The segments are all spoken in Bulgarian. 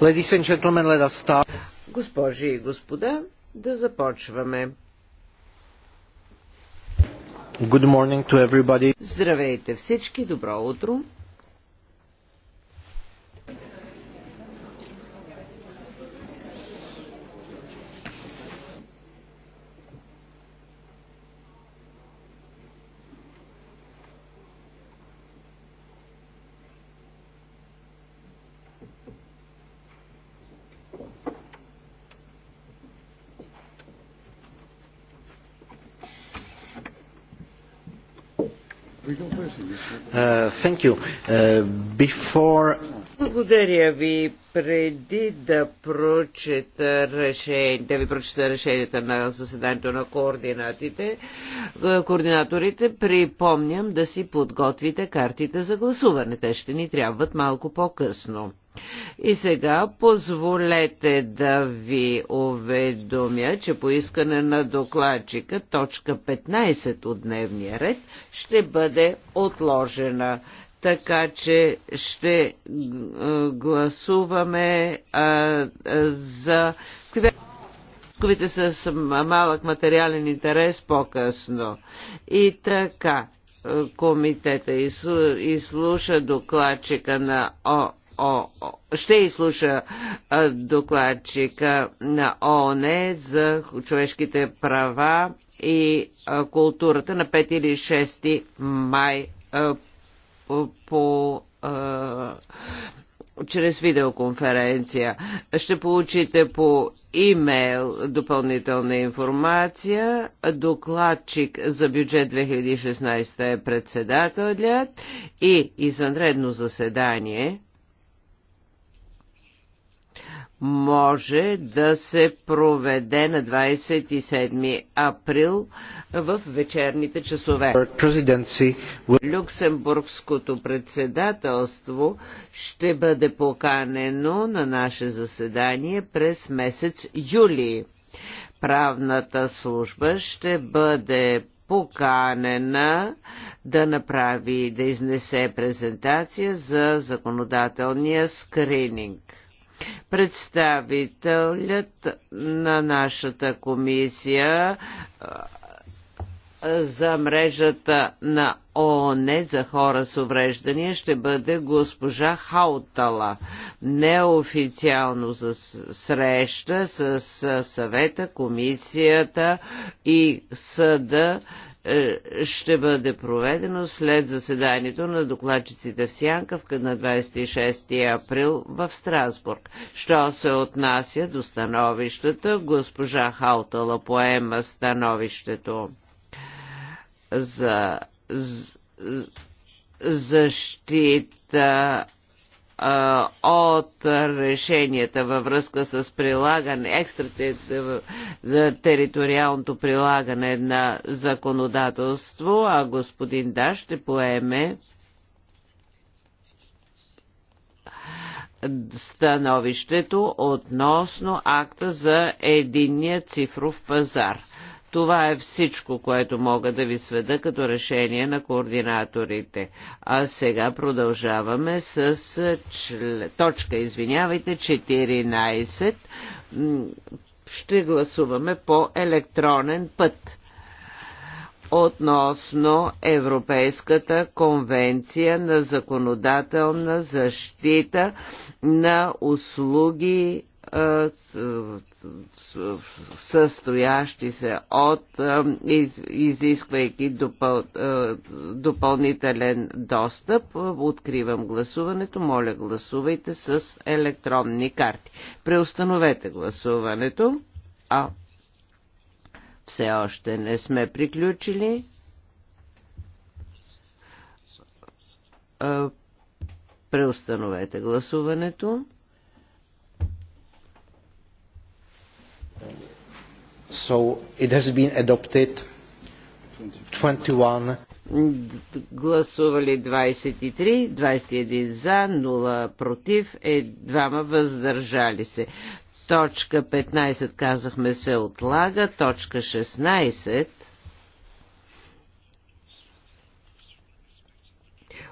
Ladies and gentlemen, let us start. Госпожи и господа, да започваме. Good morning to everybody. Здравейте всички, добро утро. thank you. before благодаря ви. Преди да прочета, решение, да ви прочета решенията на заседанието на координатите, е, координаторите, припомням да си подготвите картите за гласуване. Те ще ни трябват малко по-късно. И сега позволете да ви уведомя, че по искане на докладчика точка 15 от дневния ред ще бъде отложена така че ще гласуваме а, за квитковите с малък материален интерес по-късно. И така, комитета изслуша докладчика на О, О, О, ще изслуша докладчика на ООН за човешките права и културата на 5 или 6 май по чрез видеоконференция. Ще получите по имейл допълнителна информация. Докладчик за бюджет 2016 е председателят и извънредно заседание може да се проведе на 27 април в вечерните часове. Люксембургското председателство ще бъде поканено на наше заседание през месец юли. Правната служба ще бъде поканена да направи, да изнесе презентация за законодателния скрининг. Представителят на нашата комисия за мрежата на ООН за хора с увреждания ще бъде госпожа Хаутала. Неофициално за среща с съвета, комисията и съда е, ще бъде проведено след заседанието на докладчиците в Сянка на 26 април в Страсбург. Що се отнася до становищата, госпожа Хаутала поема становището за, за защита от решенията във връзка с прилагане, екстратериториалното прилагане на законодателство, а господин Да ще поеме становището относно акта за единния цифров пазар. Това е всичко, което мога да ви сведа като решение на координаторите. А сега продължаваме с чл... точка, извинявайте, 14. Ще гласуваме по електронен път относно Европейската конвенция на законодателна защита на услуги състоящи се от изисквайки допъл, допълнителен достъп. Откривам гласуването. Моля, гласувайте с електронни карти. Преустановете гласуването. А все още не сме приключили. Преустановете гласуването. So it has been adopted 21. Гласували 23, 21 за, 0 против, е двама въздържали се. Точка 15 казахме се отлага, точка 16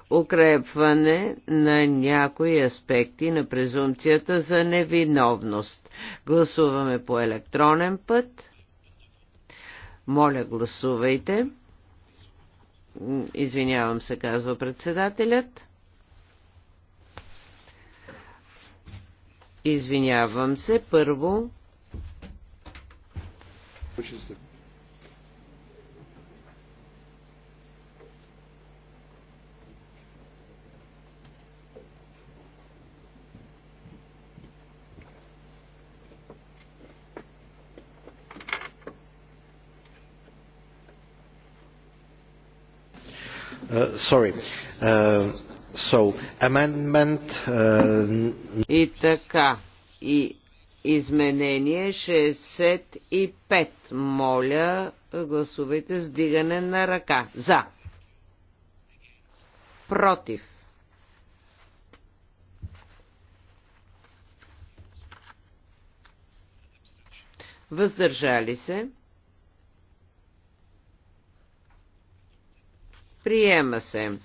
укрепване на някои аспекти на презумцията за невиновност. Гласуваме по електронен път. Моля, гласувайте. Извинявам се, казва председателят. Извинявам се, първо. Uh, sorry. Uh, so, amendment... Uh, и така, и изменение 65. Моля, гласувайте с дигане на ръка. За. Против. Въздържали се. Приема се.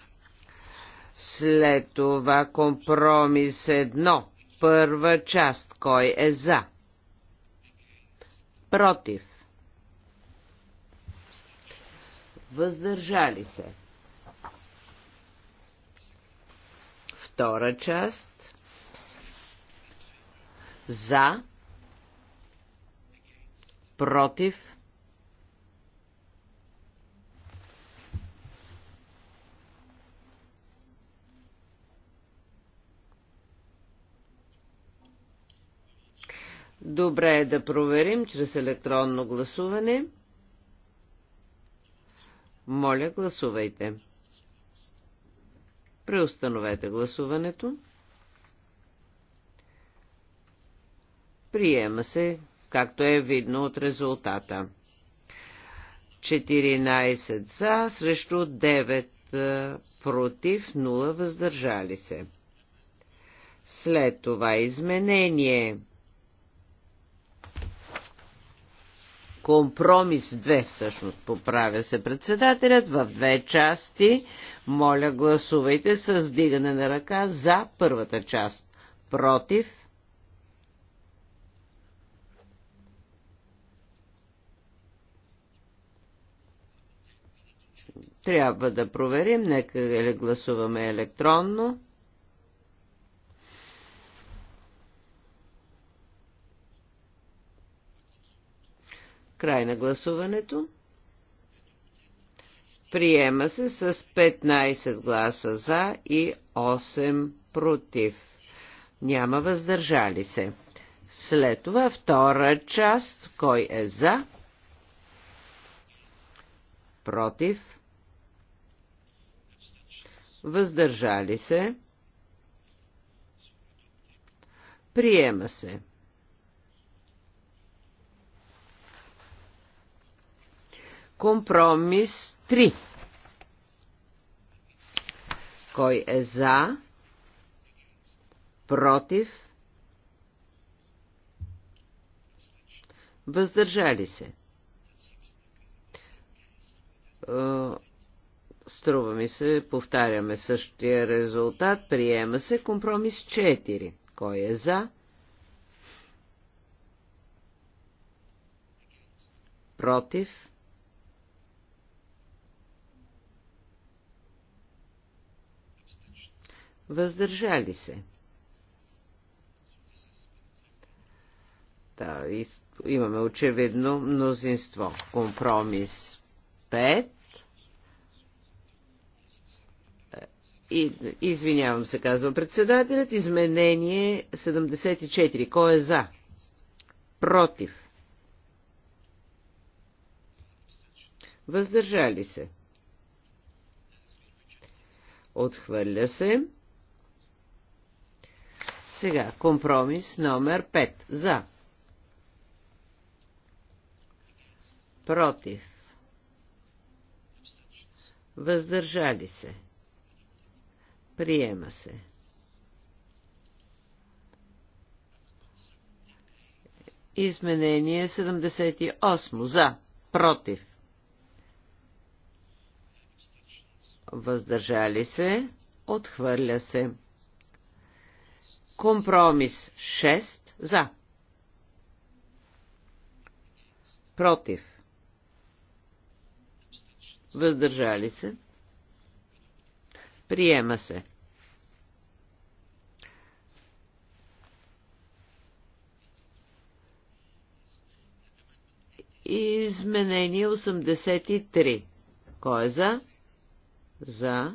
След това компромис едно. Първа част. Кой е за? Против. Въздържали се. Втора част. За. Против. Добре е да проверим чрез електронно гласуване. Моля, гласувайте. Преустановете гласуването. Приема се, както е видно от резултата. 14 за срещу 9 против 0 въздържали се. След това изменение Компромис 2 всъщност поправя се председателят в две части. Моля гласувайте с вдигане на ръка за първата част. Против. Трябва да проверим, нека гласуваме електронно. Край на гласуването. Приема се с 15 гласа за и 8 против. Няма въздържали се. След това втора част. Кой е за? Против. Въздържали се. Приема се. Компромис 3. Кой е за? Против? Въздържали се. Е, струва ми се, повтаряме същия резултат. Приема се компромис 4. Кой е за? Против? въздържали се. Да, имаме очевидно мнозинство. Компромис 5. И, извинявам се, казва председателят. Изменение 74. Кой е за? Против. Въздържали се. Отхвърля се. Сега, компромис номер 5. За. Против. Въздържали се. Приема се. Изменение 78. За. Против. Въздържали се. Отхвърля се. Компромис 6 за. Против. Въздържали се. Приема се. Изменение 83. Кой е за? За.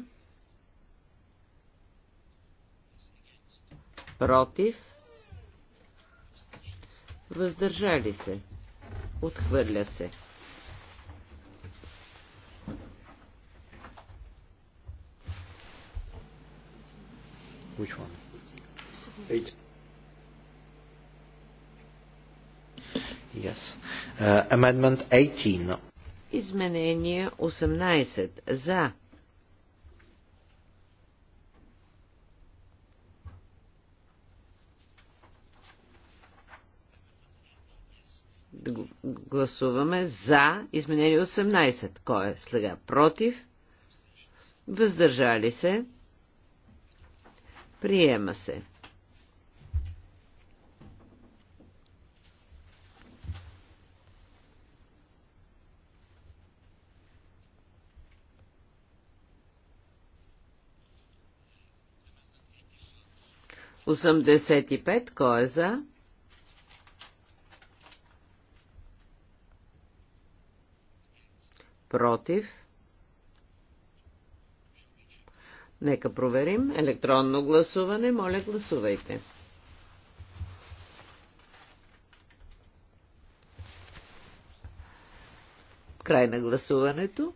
против, въздържали се, отхвърля се. Which one? Eight. Yes. Uh, amendment 18. Изменение 18. За. Гласуваме за изменение 18. Кой е сега против? Въздържали се? Приема се. Осъмдесет и пет. Кой е за? против. Нека проверим. Електронно гласуване. Моля, гласувайте. Край на гласуването.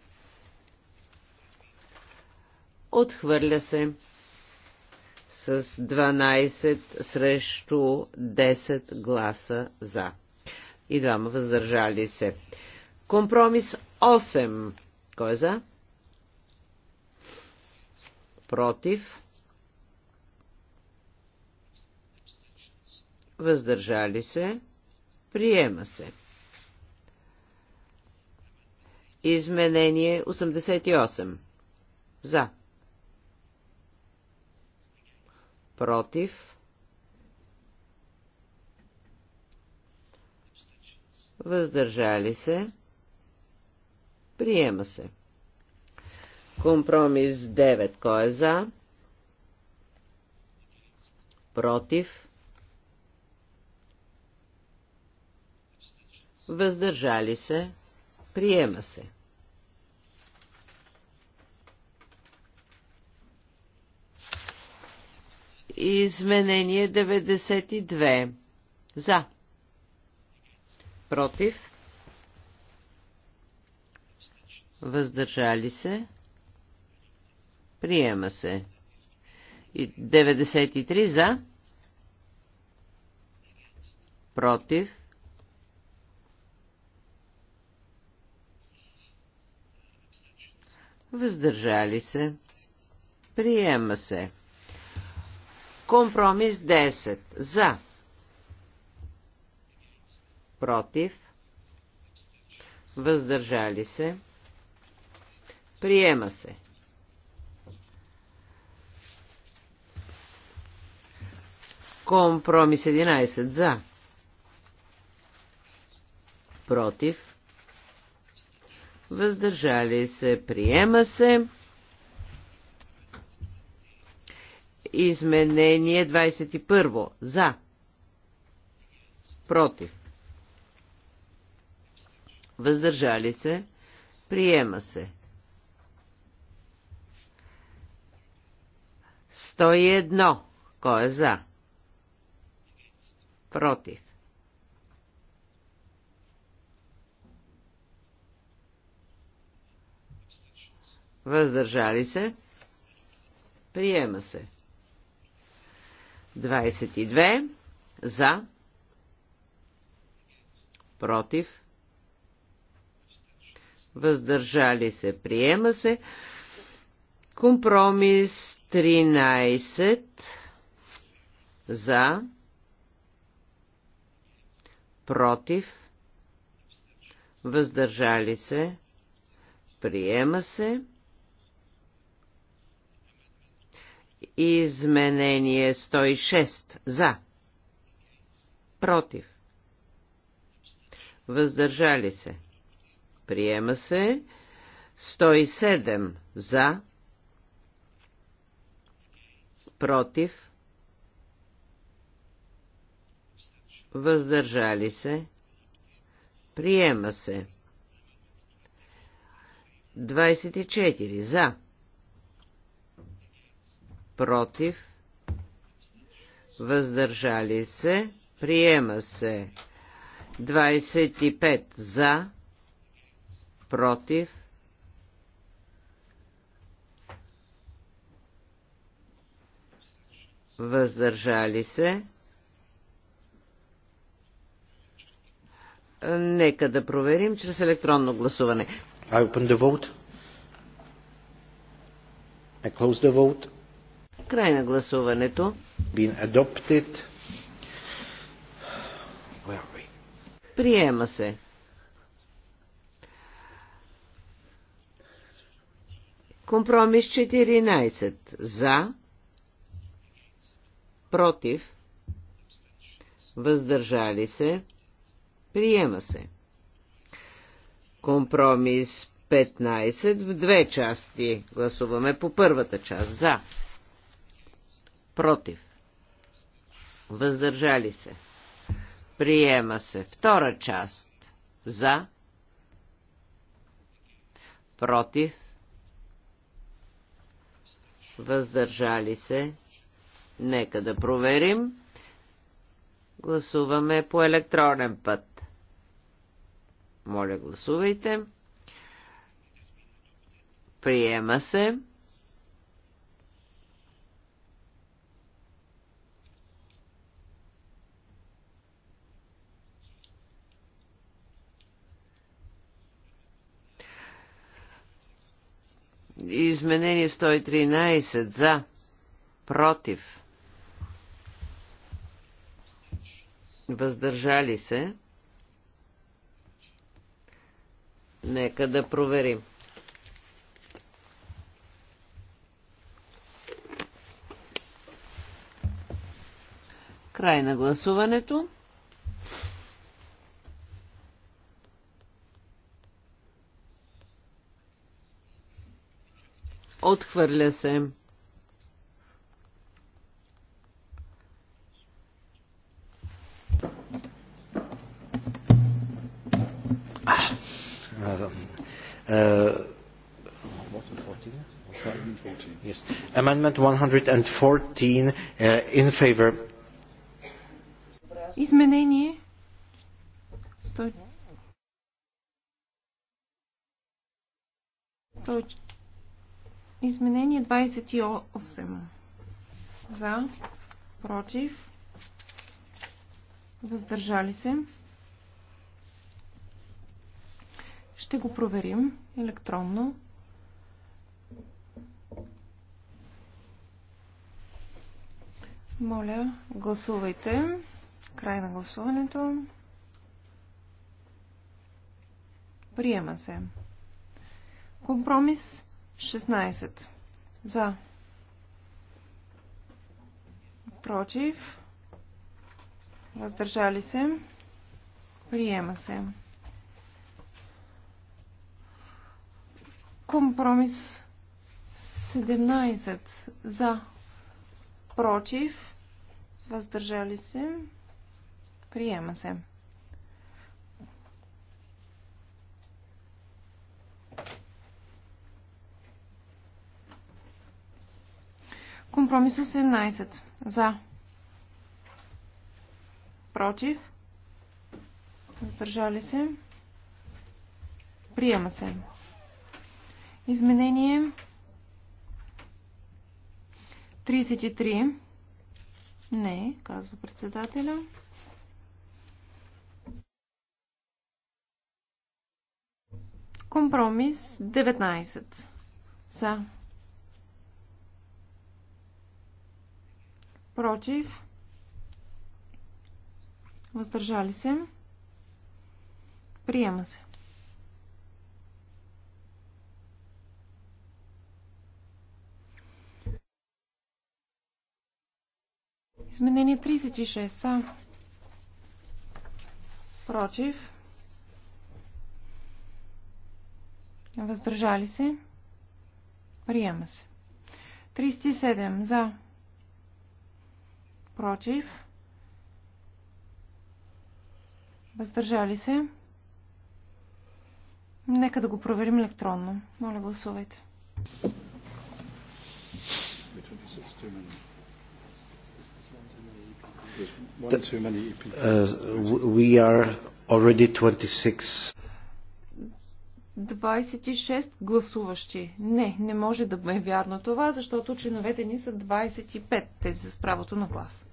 Отхвърля се с 12 срещу 10 гласа за и двама въздържали се. Компромис 8. Кой е за? Против. Въздържали се. Приема се. Изменение 88. За. Против. Въздържали се. Приема се. Компромис 9. Кой е за? Против? Въздържали се? Приема се. Изменение 92. За. Против? въздържали се, приема се. И 93 за, против, въздържали се, приема се. Компромис 10 за, против, въздържали се, Приема се. Компромис 11 за. Против. Въздържали се. Приема се. Изменение 21. За. Против. Въздържали се. Приема се. 101. Кой е за? Против. Въздържали се? Приема се. 22. За. Против. Въздържали се. Приема се. Компромис 13 за, против, въздържали се, приема се. Изменение 106 за, против, въздържали се, приема се. 107 за, против, въздържали се, приема се. 24 за, против, въздържали се, приема се. 25 за, против, въздържали се. Е, нека да проверим чрез електронно гласуване. I open the vote. I close the vote. Край на гласуването. Been adopted. Where are we? Приема се. Компромис 14. За против, въздържали се, приема се. Компромис 15 в две части. Гласуваме по първата част. За. Против. Въздържали се. Приема се. Втора част. За. Против. Въздържали се. Нека да проверим. Гласуваме по електронен път. Моля, гласувайте. Приема се. Изменение 113 за, против въздържали се. Нека да проверим. Край на гласуването. Отхвърля се. Uh, Amendment 114 uh, in favor. Изменение Изменение 28. За, против, въздържали се. Ще го проверим електронно. Моля, гласувайте. Край на гласуването. Приема се. Компромис 16. За. Против. Въздържали се. Приема се. Компромис 17 за, против, въздържали се, приема се. Компромис 18 за, против, въздържали се, приема се. Изменение 33. Не, казва председателя. Компромис 19. За. Против. Въздържали се. Приема се. Изменение 36 а против. Въздържали се. Приема се. 37 за. Против. Въздържали се. Нека да го проверим електронно. Моля, гласувайте. 26 E uh, we are already 26. 26 гласуващи. Не, не може да бъде вярно това, защото чиновете ни са 25, тези с правото на глас.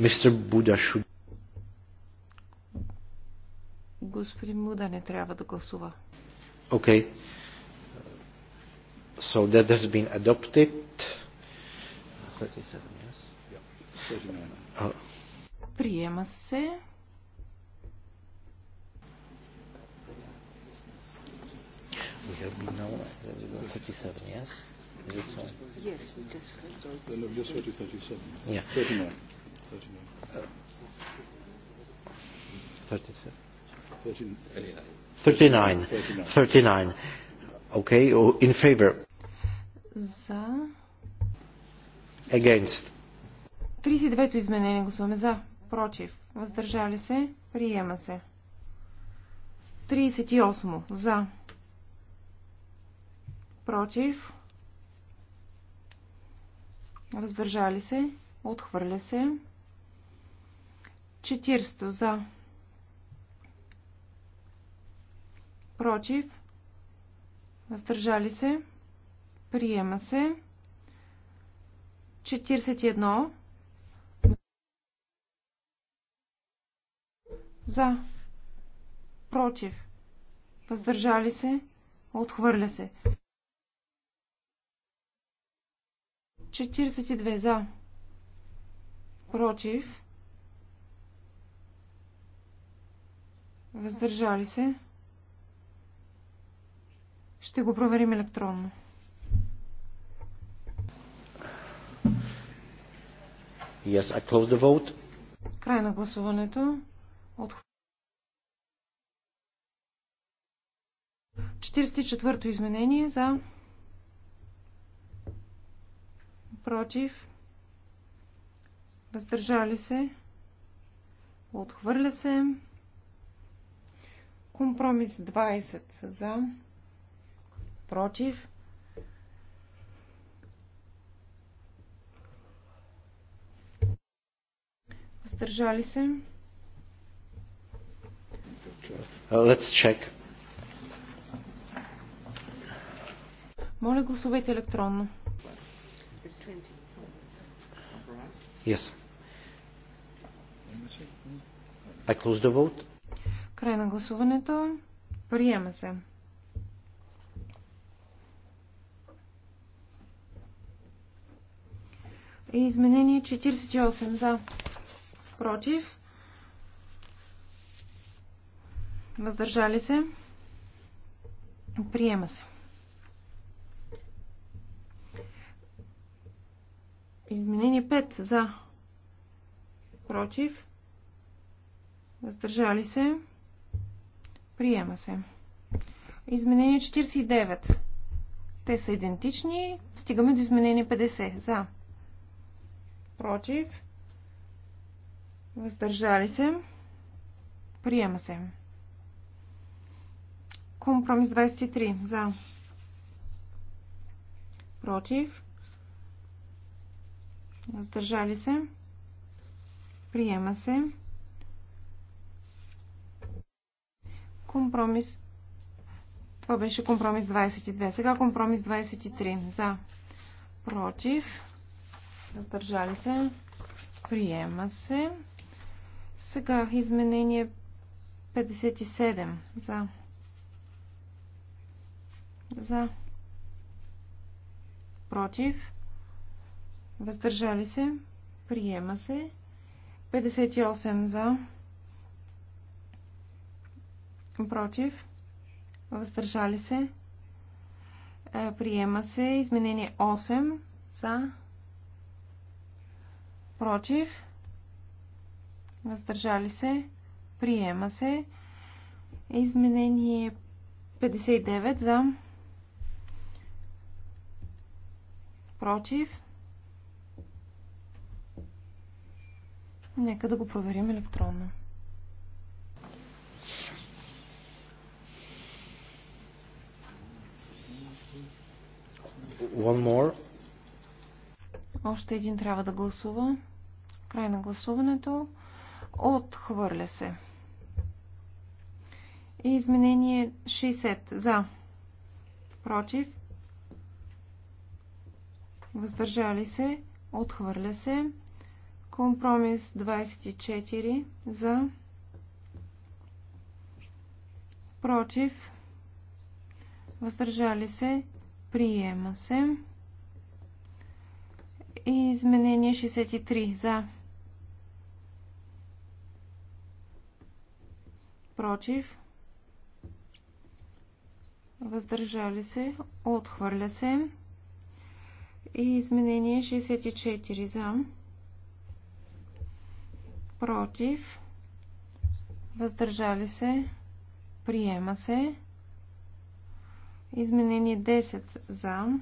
Мистер Буда should... Господин Буда не трябва да гласува. Okay. So that has been adopted. 37, yes? Yeah. 39. Приема се. We have been now yes? Is it so? Yes, we just heard. Then we just heard 37. Yeah. 39. 39. Uh, 37. 39. 39. 39. Okay, in favor. За. Against 39-то изменение гласуваме за, против, въздържали се, приема се. 38 за, против, въздържали се, отхвърля се. 40 за, против, въздържали се, приема се. 41 За. Против. Въздържали се. Отхвърля се. 42 за. Против. Въздържали се. Ще го проверим електронно. Yes, I close the vote. Край на гласуването. От... 44-то изменение за против въздържали се отхвърля се компромис 20 за против въздържали се Uh, let's check. Моля, гласувайте електронно. Yes. I close the vote. Край на гласуването. Приема се. изменение 48 за. Против. Въздържали се. Приема се. Изменение 5 за. Против. Въздържали се. Приема се. Изменение 49. Те са идентични. Стигаме до изменение 50. За. Против. Въздържали се. Приема се. Компромис 23. За. Против. Въздържали се. Приема се. Компромис. Това беше компромис 22. Сега компромис 23. За. Против. Въздържали се. Приема се. Сега изменение 57. За. За. Против. Въздържали се. Приема се. 58 е, за. Против. Въздържали се. Приема се. Изменение 8 за. Против. Въздържали се. Приема се. Изменение 59 за Против. Нека да го проверим електронно. One more. Още един трябва да гласува. Край на гласуването. Отхвърля се. И изменение 60. За. Против въздържали се, отхвърля се. Компромис 24 за, против, въздържали се, приема се. И изменение 63 за, против, въздържали се, отхвърля се и изменение 64 за, против, въздържали се, приема се. Изменение 10 за,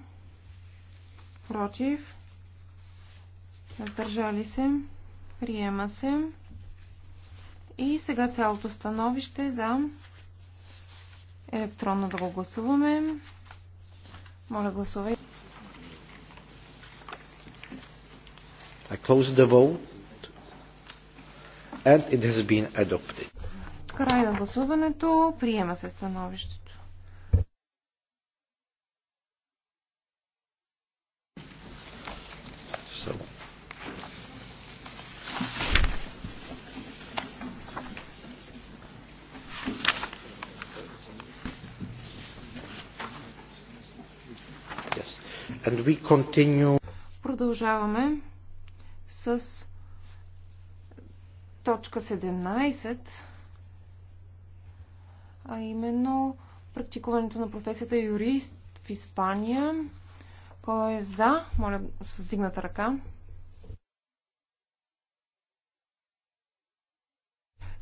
против, въздържали се, приема се. И сега цялото становище за електронно да го гласуваме. Моля гласувайте. I close the vote. And it has been adopted. Край на гласуването. Приема се становището. So. Yes. And we continue. Продължаваме с точка 17, а именно практикуването на професията юрист в Испания. Кой е за? Моля с дигната ръка.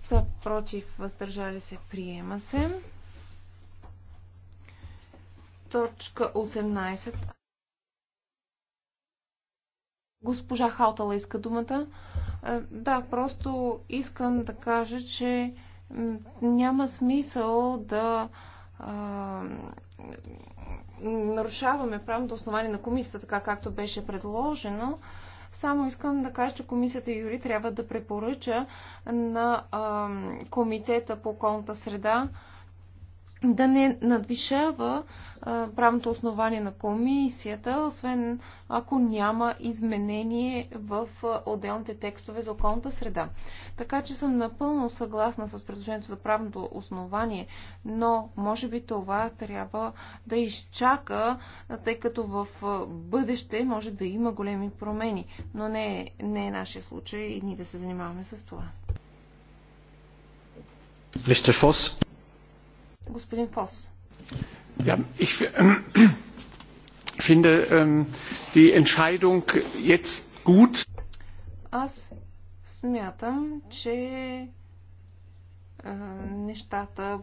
са против, въздържали се, приема се. Точка 18. Госпожа Халтала иска думата. Е, да, просто искам да кажа, че няма смисъл да а, нарушаваме правното основание на комисията, така както беше предложено. Само искам да кажа, че комисията Юри трябва да препоръча на а, комитета по околната среда да не надвишава правното основание на комисията, освен ако няма изменение в отделните текстове за околната среда. Така че съм напълно съгласна с предложението за правното основание, но може би това трябва да изчака, тъй като в бъдеще може да има големи промени, но не, не е нашия случай и ние да се занимаваме с това. Mr. Foss. Господин Фос. Ja, ich äh, finde ähm, die Entscheidung jetzt gut. Аз смятам, че э, нещата,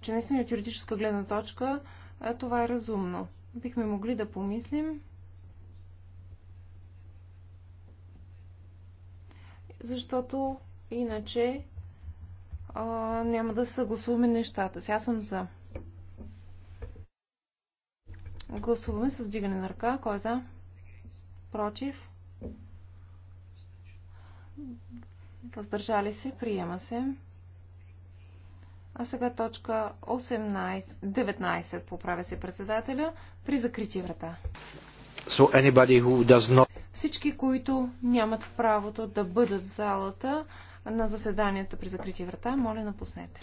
че наистина от юридическа гледна точка э, това е разумно. Бихме могли да помислим защото иначе а, няма да съгласуваме нещата сега съм за. Гласуваме с дигане на ръка. Кой е за? Против? Въздържали се? Приема се. А сега точка 18, 19 поправя се председателя при закрити врата. So anybody who does not... Всички, които нямат правото да бъдат в залата, на заседанията при закрити врата. Моля, напуснете.